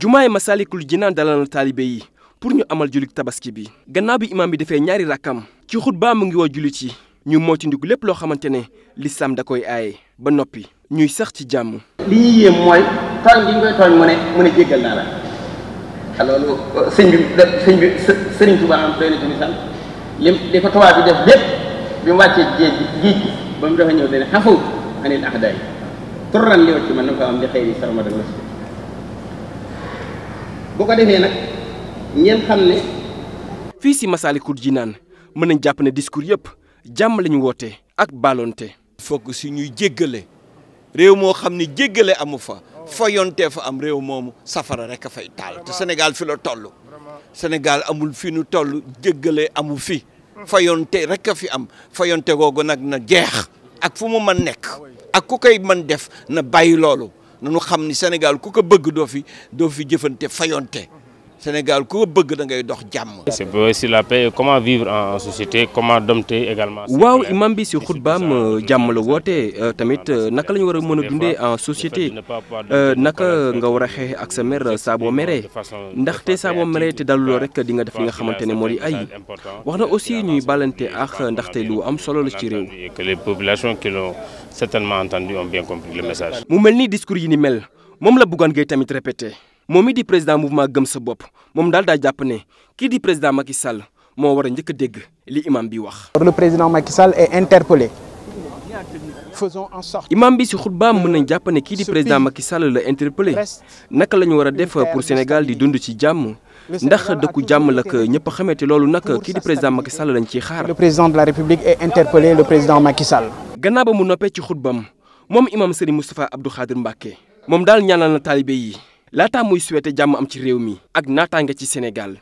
jumaay Masaalikul Jinaan dalal na taalibe yi pour ñu amal julik tabaski bi gannaaw bi imaam bi defee ñaari rakkam ci ba mu ngi woo julit yi ñu moytandiku lépp loo xamante ne li sam da koy aaye ba noppi ñuy sax ci jàmm li ñuy yéem mooy tooñ bi ñu koy tooñ mu ne mu ne jéggal li ko tubaab bi def lépp bi mu wàccee géej ba mu dafa ñëw dene xafu anil ahdaay turran liwat ci man na ko am li xëy ni sarmada bu ko defee nag ngeen xam ne. fii si ji Jinaan mën nañ jàpp ne discours yëpp jàmm la ñu woote ak baalonte. fokk si ñuy jéggale réew moo xam ne jéggale amu fa fayonte fa am réew moomu safara rek a fay taal te senegal fi la toll Sénégal amul fi nu toll jéggale amu fi fayonte rek a fi am fayonte googu nag na jeex ak fu mu mën nekk ak ku koy man def na bàyyi loolu. na nu xam ni Sénégal ku ko bëgg doo fi doo fi jëfante fayonte Sénégal ku ko bëgg da ngay dox jàmm. c'est aussi la paix comment vivre en société comment dompter également. waaw imam bi si xutbaam euh, jàmm la woote euh, tamit euh, naka la ñu war a mën a dundee en société naka nga war a xeex ak sa mer saa boo meree ndaxte saa boo meree te daluloo rek dinga def li nga xamante ne moo di ay wax na aussi ñuy ballante ak ndaxte lu am solo la ci réew. que les populations certainement entendu ont bien compris le message. mu mel ni discours yi ni mel moom la Bougane Gueye tamit répété moom mi di président mouvement gëm sa bopp moom daal daa jàpp ne kii di président Macky Sall moo war a njëkk a dégg li imam bi wax. le président Macky Sall est interpellé. faisons en sorte imam bi si xutbaam mën nañ jàpp ne kii di président Macky Sall la interpellé naka la ñu war def pour Sénégal di dund ci jàmm ndax dëkku jàmm la ko ñëpp a loolu nag kii di président Macky Sall lañ ciy xaar. le président de la République est interpellé le président Macky Sall. gannaaw ba mu noppee ci xutbam moom imam Serigne Moustapha Abdou Khadir Mbacké moom daal ñaanal na taalibe yi laataa muy souhaité jàmm am ci réew mi ak naataange ci Sénégal